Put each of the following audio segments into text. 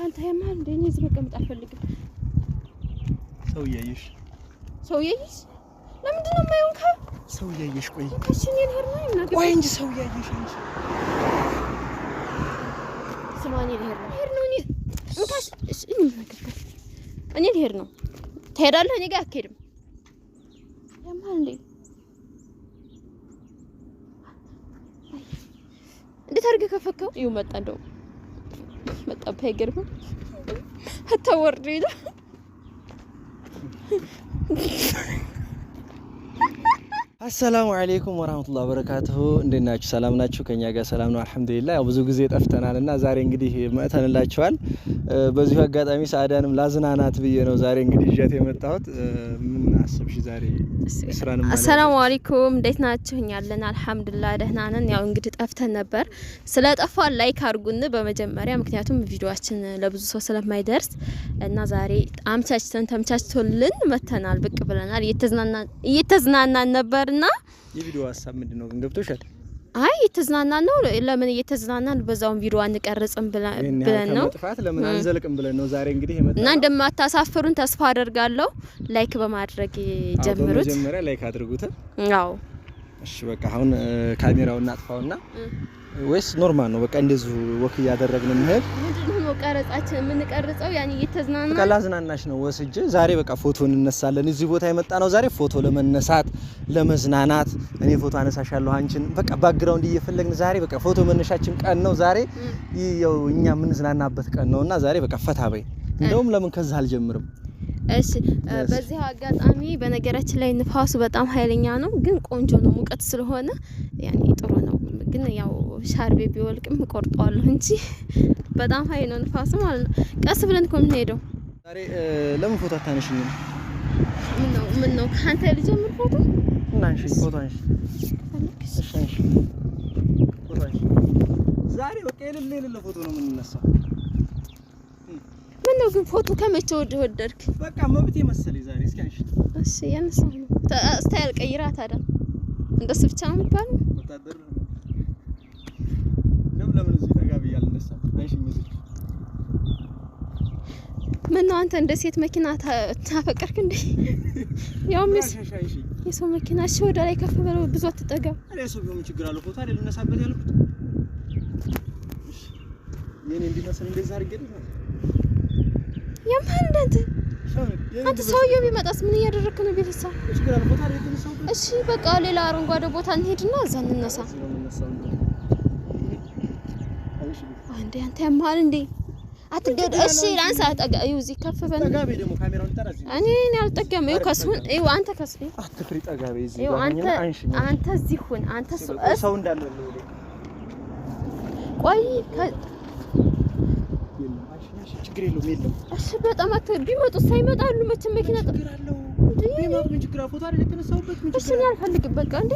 ካንተ ያማ እንደ እኔ እዚህ መቀመጥ አልፈልግም። ሰው እያየሽ ሰው እያየሽ ለምንድን ነው የማይሆን ሰው እያየሽ ቆይ ከሽን ይልህር ነው እና ቆይ እንጂ ሰው እያየሽ እንጂ ስማኔ ነው ነው እኔ እንካሽ እኔ ልሄድ ነው ትሄዳለህ። እኔ ጋር አትሄድም። እንዴ እንዴት አድርገህ ከፈከው ይኸው መጣ እንደውም እንደመጣብህ አይገርምም? አታወርድ ይላ አሰላሙ አለይኩም ወራህመቱላሂ ወበረካቱሁ። እንዴት ናችሁ? ሰላም ናችሁ? ከኛ ጋር ሰላም ነው፣ አልሐምዱሊላህ። ያው ብዙ ጊዜ ጠፍተናል እና ዛሬ እንግዲህ መጥተንላችኋል። በዚሁ አጋጣሚ ሳዳንም ላዝናናት ብዬ ነው ዛሬ እንግዲህ ይዣት የመጣሁት። ምን አሰብሽ ዛሬ? ስራን? አሰላሙ አለይኩም እንዴት ናችሁ? እኛ አለን አልሐምዱሊላህ ደህና ነን። ያው እንግዲህ ጠፍተን ነበር። ስለ ጠፋን ላይክ አድርጉን በመጀመሪያ ምክንያቱም ቪዲዮችን ለብዙ ሰው ስለማይደርስ እና ዛሬ አምቻችተን ተምቻችቶልን መተናል ብቅ ብለናል። እየተዝናናን ነበርና የቪዲዮ ሀሳብ ምንድን ነው ግን ገብቶሻል? አይ እየተዝናናን ነው። ለምን እየተዝናናን በዛውን ቪዲዮ አንቀርጽም ብለን ነው ጥፋት ለምን አንዘልቅም ብለን ነው ዛሬ እንግዲህ የመጣ እና እንደማታሳፍሩን ተስፋ አደርጋለሁ። ላይክ በማድረግ ጀምሩት። መጀመሪያ ላይክ አድርጉት። አዎ እሺ፣ በቃ አሁን ካሜራውን እናጥፋውና ወይስ ኖርማል ነው? በቃ እንደዚሁ ወክ እያደረግን መሄድ ምንድን ነው ቀረጻችን የምንቀርጸው? ያን እየተዝናና በቃ ላዝናናሽ ነው ወስጄ። ዛሬ በቃ ፎቶ እንነሳለን። እዚህ ቦታ የመጣ ነው ዛሬ ፎቶ ለመነሳት ለመዝናናት። እኔ ፎቶ አነሳሻለሁ አንቺን። በቃ ባክግራውንድ እየፈለግን ዛሬ በቃ ፎቶ መነሻችን ቀን ነው ዛሬ። ይኸው እኛ የምንዝናናበት ቀን ነው እና ዛሬ በቃ ፈታ በይ። እንደውም ለምን ከዛ አልጀምርም? እሺ በዚህ አጋጣሚ በነገራችን ላይ ንፋሱ በጣም ኃይለኛ ነው፣ ግን ቆንጆ ነው። ሙቀት ስለሆነ ያኔ ጥሩ ነው፣ ግን ያው ሻርቤ ቢወልቅም እቆርጠዋለሁ እንጂ በጣም ሀይ ነው ንፋሱ ማለት ነው። ቀስ ብለን እኮ የምንሄደው። ዛሬ ለምን ፎቶ አታነሽኝ? ምነው ምነው ከአንተ ልጅ ጀምር ፎቶ ዛሬ በቃ የሌለ የሌለ ፎቶ ነው የምንነሳው። ምነው ግን ፎቶ ከመቼ ወደ ወደድክ? በቃ መብቴ መሰለኝ ዛሬ። እስኪ አንሺ። እሺ ያነሳሁ ነው። ስታይል ቀይራ ታዲያ እንደሱ ብቻ ነው የሚባለው። እንደውም ለምን እዚህ ጠጋ ብዬ አይሽኝ እዚህ ምን ነው አንተ እንደ ሴት መኪና ታፈቀርክ እንዴ? ያው ምስ የሰው መኪና እሺ፣ ወደ ላይ ከፍ ብለው ብዙ አትጠጋም። አሬ ሰው ቢሆን ችግር አለው እኮ አይደል ልነሳበት ያልኩት የኔ እንዲመስል እንደዛ አድርገህ ነው የማንደንት አንተ ሰውዬው ቢመጣስ ምን እያደረክ ነው? ቤተሰብ እሺ፣ በቃ ሌላ አረንጓዴ ቦታ እንሄድና እዛ እንነሳ። አንዴ አንተ ያማል እንዴ አትገድ። እሺ ላንሳ አጠጋ እዩ እዚህ ከፍ በል እኔ እኔ አልጠጋም። እዩ ከሱን እዩ አንተ ከሱ አትፍሪ ጠጋቤ በይ እዚህ አንተ አንተ እዚህ ሁን አንተ ሰው እንዳለ ቆይ ችግር የለውም የለም። እሺ በጣም አት ቢመጡ ሳይመጣሉ መቼም መኪና ችግር አለው ቢመጡ ምን ችግር አፎታ አይደል የተነሳሁበት ምን ችግር እሺ እኔ አልፈልግም በቃ እንዴ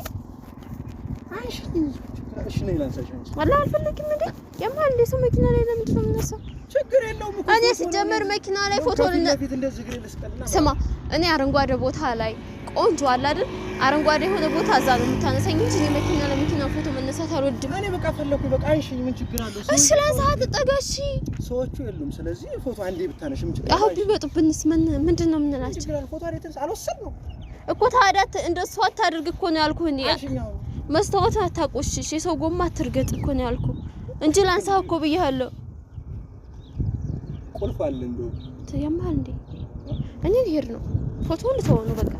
አይሽ እሺ አልፈልግም። እንዴ የማን እንደ ሰው መኪና ላይ ለምንድን ነው የምነሳው? ችግር የለውም እኮ እኔ ሲጀመር መኪና ላይ ፎቶ ስማ፣ እኔ አረንጓዴ ቦታ ላይ ቆንጆ አለ አይደል? አረንጓዴ የሆነ ቦታ እዛ ነው የምታነሳኝ እንጂ እኔ መኪና ለመኪና ፎቶ መነሳት አልወድም። እኔ በቃ ፈለኩ በቃ እሺ፣ ምን ችግር አለው? እሺ፣ ለዛት ተጠጋሽ ሰዎቹ የሉም። ስለዚህ ፎቶ አንዴ ብታነሽ ምን ችግር አለው? አሁን ቢመጡብንስ ምን ምንድን ነው የምንላቸው? ፎቶ አልወሰድም እኮ ታዲያ እንደሱ አታድርግ እኮ ነው ያልኩህ እንዴ መስታወት አታቆሽሽ፣ የሰው ጎማ አትርገጥ እኮ ነው ያልኩ እንጂ ላንሳ እኮ ብያለሁ። ቁልፍ አለ እንዴ? ተያማል እንዴ? እኔ ልሄድ ነው። ፎቶ ልተው ነው በቃ።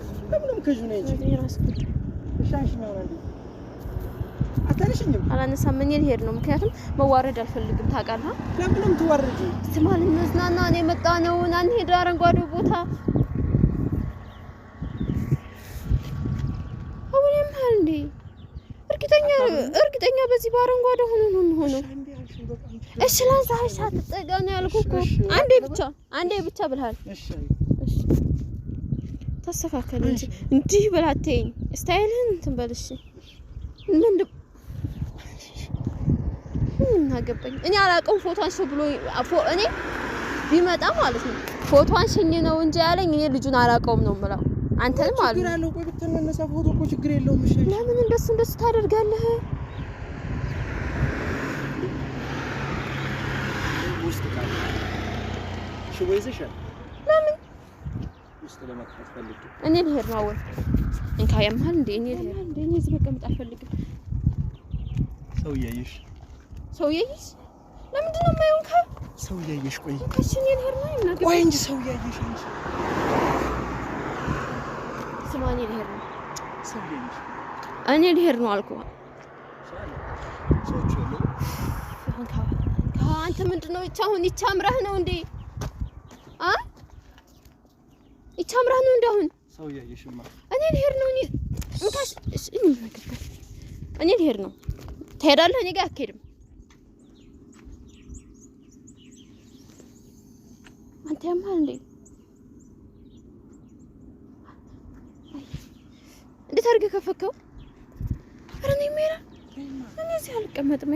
ምንም ከጁ ነው እንጂ ራስ ጉድ ሻሽ ነው እንዴ? አታነሽኝም? አላነሳም። እኔ ልሄድ ነው፣ ምክንያቱም መዋረድ አልፈልግም። ታውቃለህ። ለምንም ትዋረጂ? ስማ ልንዝናና ነው የመጣ ነው። አንሄድ አረንጓዴው ቦታ እርግጠኛ በዚህ በአረንጓዴ ሆኖ ነው የሚሆነው። እሺ ላንሳ ሳትጠጋ ነው ያልኩህ እኮ አንዴ ብቻ አንዴ ብቻ እሺ ተስተካከል እንጂ እንዲህ ብላ አትይኝ። ስታይልህን እንትን በል እሺ። ምን እናገባኝ እኔ አላውቅም። ፎቶ አንሺ ብሎ እኔ ቢመጣ ማለት ነው ፎቶ አንሺኝ ነው እንጂ ያለኝ እኔ ልጁን አላውቀውም ነው የምለው። አንተንም ማለት ነው ችግር አለው። ቆይ ብትነሳ ፎቶ እኮ ችግር የለውም። እሺ ለምን እንደሱ እንደሱ ታደርጋለህ? ሽቦ ይዘሻል? ለምን ውስጥ ለመቅፈት ፈልጌ እኔ ልሄድ ነው። አወል እንካ ያምሃል እንዴ? እኔ ልሄድ እንዴ? እኔ እዚህ መቀመጥ አልፈልግም። ሰው እያየሽ ሰው እያየሽ ለምንድን ነው የማየው? እንካ ሰው እያየሽ ቆይ፣ እንካሽ እኔ ልሄድ ነው ይናገር ወይ እንጂ ሰው እያየሽ እንጂ ስማ፣ እኔ ልሄድ ነው። ሰው እያየሽ እኔ ልሄድ ነው አልኩህ። አንተ ምንድን ነው ብቻ አሁን ይቻምረህ ነው እንዴ? ይቻ አምራ ነው እንዳሁን ሰው ያየሽማ እኔ ልሄድ ነው። እኔ እንካሽ እኔ ልሄድ ነው። ትሄዳለህ? እኔ ጋር አትሄድም። አንተ ያማል እንዴ? እንዴት አድርገህ ከፈከው? ኧረ እኔ እኔ እዚህ አልቀመጥም።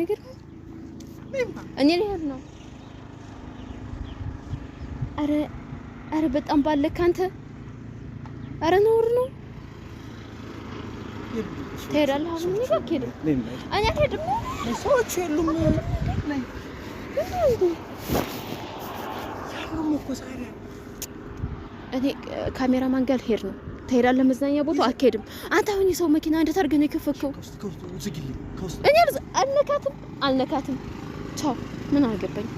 እኔ ልሄድ ነው። አረ በጣም ባለክ አንተ። አረ ነውር ነው። ትሄዳለህ? አሁን እኔ ጋር አኛ እኔ ነው ሰዎች የሉም እኔ ካሜራ ማን ጋር ልሄድ ነው? ትሄዳለህ? መዝናኛ ቦታ አትሄድም። አንተ አሁን የሰው መኪና እንዴት አድርገህ ነው የከፈከው? እኔ አልነካትም፣ አልነካትም። ቻው፣ ምን አልገባኝ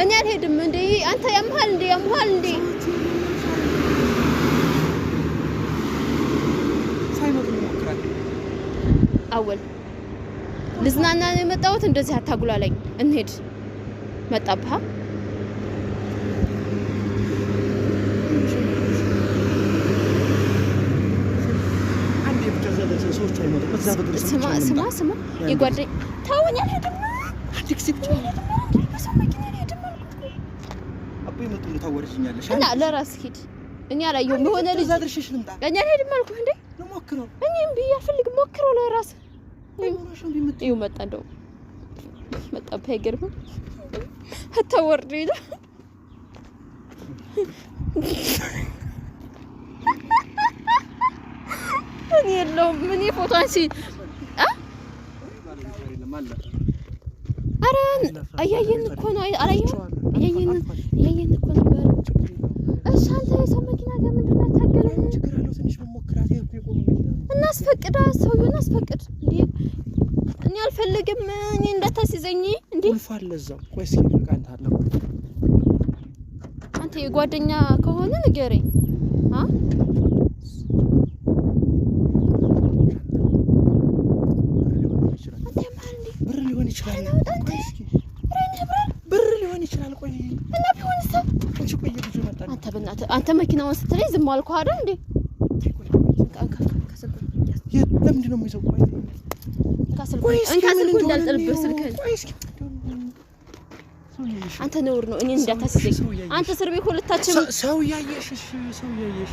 እኔ አልሄድም እንዴ አንተ ያምሃል እንዴ ያምሃል እንዴ አወል ልዝናና ነው የመጣሁት እንደዚህ አታጉላለኝ። እንሄድ መጣብሃ ስማ ስማ ስማ የጓደኛ ታወኛል ሄድም አንድ ጊዜ ብቻ በሰው መኪና ላይ እና ለራስ ሂድ። እኔ አላየሁም። የሆነ ልጅ እኔ አልሄድም አልኩህ እንዴ? እኔም ብዬሽ አልፈልግም። ሞክረው ለራስ መጣ። አታወርድ ይላል እኔ የለውም። እኔ ፎቶ ኧረ እያየን እኮ ነው። አላየኸውም? እያየን እኮ ነበር። እሺ አንተ የሰው መኪና ለምንድን ነው ያታገለኝ? እናስፈቅድ፣ ሰውዬውን አስፈቅድ። እኔ አልፈልግም። እኔ እንዳታስይዘኝ እንደ አንተ የጓደኛ ከሆነ ንገረኝ። ብር ሊሆን ይችላል እና ቢሆን ሰው እንጂ ቆይ ብዙ ይመጣል። አንተ በእናትህ አንተ መኪናውን ስትለኝ ዝም አልኩህ አይደል እንዴ? ለምንድን ነው የሚይዘው? እንዳልጥልብህ አንተ ነውር ነው። እኔን እንዳታስይዘኝ አንተ እስር ቤት ሁለታችን ሰው እያየሽ ሰው እያየሽ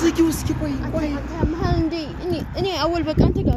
ዝጊው እስኪ ቆይ ቆይ እኔ አወል በቃ አንተ ጋር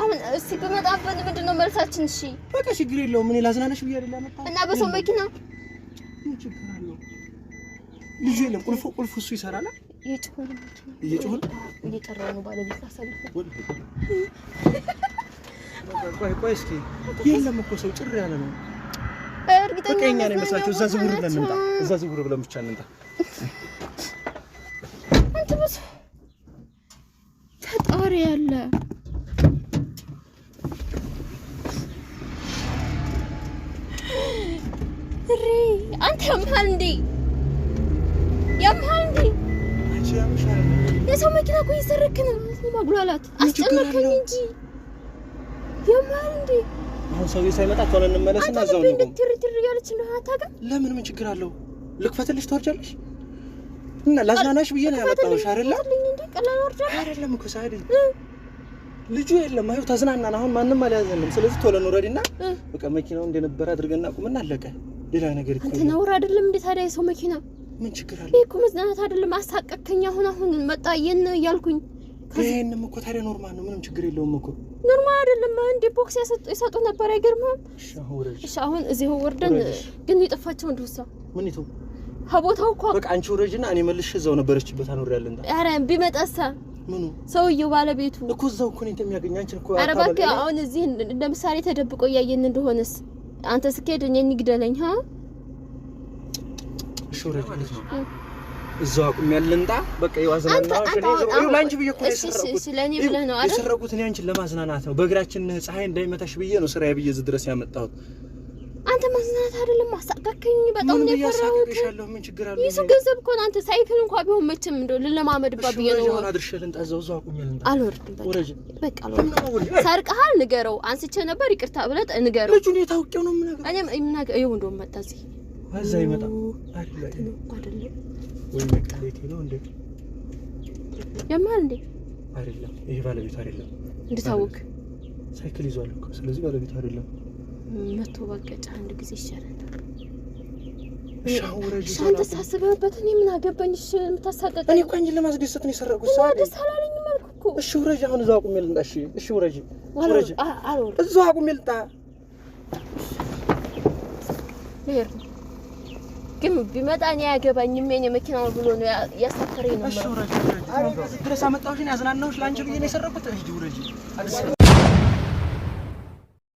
አሁን እስቲ በመጣበት ምንድን ነው መልሳችን? እሺ በቃ ችግር የለውም። እኔ ላዝናነሽ ብዬ አይደል ያመጣሁት እና በሰው መኪና ልጁ የለም። ቁልፉ ቁልፉ እሱ ይሰራል። እየጮኸ ነው እየጠራ ነው ባለቤት ታሳልፍ። ቆይ ቆይ እስኪ የለም እኮ ሰው ጭር ያለ ነው። እርግጠኛ ነኝ መስላቸው። እዛ ዝውውር ብለን እንምጣ፣ እዛ ዝውውር ብለን ብቻ እንምጣ። ያምሃል እንዴ? የሰው መኪና እኮ እየሰረክ ነው። ማጉላላት አስጨነቀኝ እንጂ ያምሃል አሁን ሰውዬ ሳይመጣ ከሆነ እንመለስና እዛው ነው። አንተ ትሪ ትሪ ያለች ነው አታጋ። ለምን ምን ችግር አለው? ልክፈትልሽ ትወርጃለሽ? እና ላዝናናሽ ብዬ ነው ያመጣሁሽ አይደለ? ቀላል ወርጃለሽ አይደለም እኮ ሳይድ ልጁ የለም። አዩ ተዝናናን። አሁን ማንም አልያዘንም። ስለዚህ ቶሎ እንውረድና በቃ መኪናው እንደነበረ አድርገን አቁምና አለቀ። ሌላ ነገር እኮ እንትን ነውር አይደለም እንዴ ታዲያ? የሰው መኪና ምን ችግር አለ እኮ መዝናናት አይደለም? አሳቀከኝ። አሁን አሁን መጣ የነ እያልኩኝ ይሄንም እኮ ታዲያ ኖርማል ነው፣ ምንም ችግር የለውም እኮ ኖርማል አይደለም እንዴ? ቦክስ ያሰጡ ይሰጡ ነበር አይገርምም? እሺ አሁን እዚህ ወርደን ግን የጠፋቸው እንደውሳ ምን ይተው ከቦታው እኮ በቃ አንቺ ወረጅና እኔ መልሼ እዛው ነበረችበት አኖር ያለ እንዳ ኧረ ቢመጣሳ ምኑ ሰውየው ባለቤቱ እኮ እዛው እኮ ነው እንደሚያገኝ አንቺ እኮ ኧረ እባክህ አሁን እዚህ እንደምሳሌ ተደብቆ እያየን እንደሆነስ አንተ ስኬድ እኔ እንግደለኝ። ሀ እዛው አቁም ያለንጣ በቃ የሰረቁት እኔ ነው ለማዝናናት ነው። በእግራችን ፀሐይ እንዳይመታሽ ብዬ ነው ስራዬ ብዬ እዚህ ድረስ ያመጣሁት። አንተ ማዝናናት አይደለም ማሳቀከኝ። በጣም ነው ያሳቀከሻለሁ። ምን ችግር አለ? ይሱ ገንዘብ እኮ አንተ ሳይክል እንኳን ቢሆን መቼም እንደው ልለማመድባት ብዬ ነው። አልወርድም። በቃ ሰርቀሃል፣ ንገረው። አንስቼ ነበር ይቅርታ ብለህ ንገረው። ልጁን የታውቂው ነው ምን ነገር እኔም እምና ይሁን እንደውም መጣ እዚህ እዛ ይመጣ አይደለም ወይ መጣለቴ ነው እንዴ? የማን እንዴ? አይደለም ይሄ ባለቤት አይደለም። እንድታውቅ ሳይክል ይዟል እኮ ስለዚህ ባለቤት አይደለም። መቶ በቀጫ አንድ ጊዜ ይሻላል። ሻንተ ሳስበህበት እኔ ምን አገባኝ? እሺ የምታሳቀቀኝ እኔ እኮ አንቺን ለማስደሰት ነው የሰረቁት። ሰዓት ደስ አላለኝም እኮ። እሺ ውረጅ አሁን እዛው አቁሜ ልምጣ። እሺ እሺ ውረጅ ውረጅ፣ እዛው አቁሜ ልምጣ። ልሄድ ግን ቢመጣ እኔ አያገባኝም። የእኔ መኪና ብሎ ነው ያሳፈረኝ ነው። እሺ ውረጅ። ድረስ አመጣሁሽ እኔ አዝናናሁሽ። ለአንቺ ብዬሽ ነው የሰረቁት። ውረጅ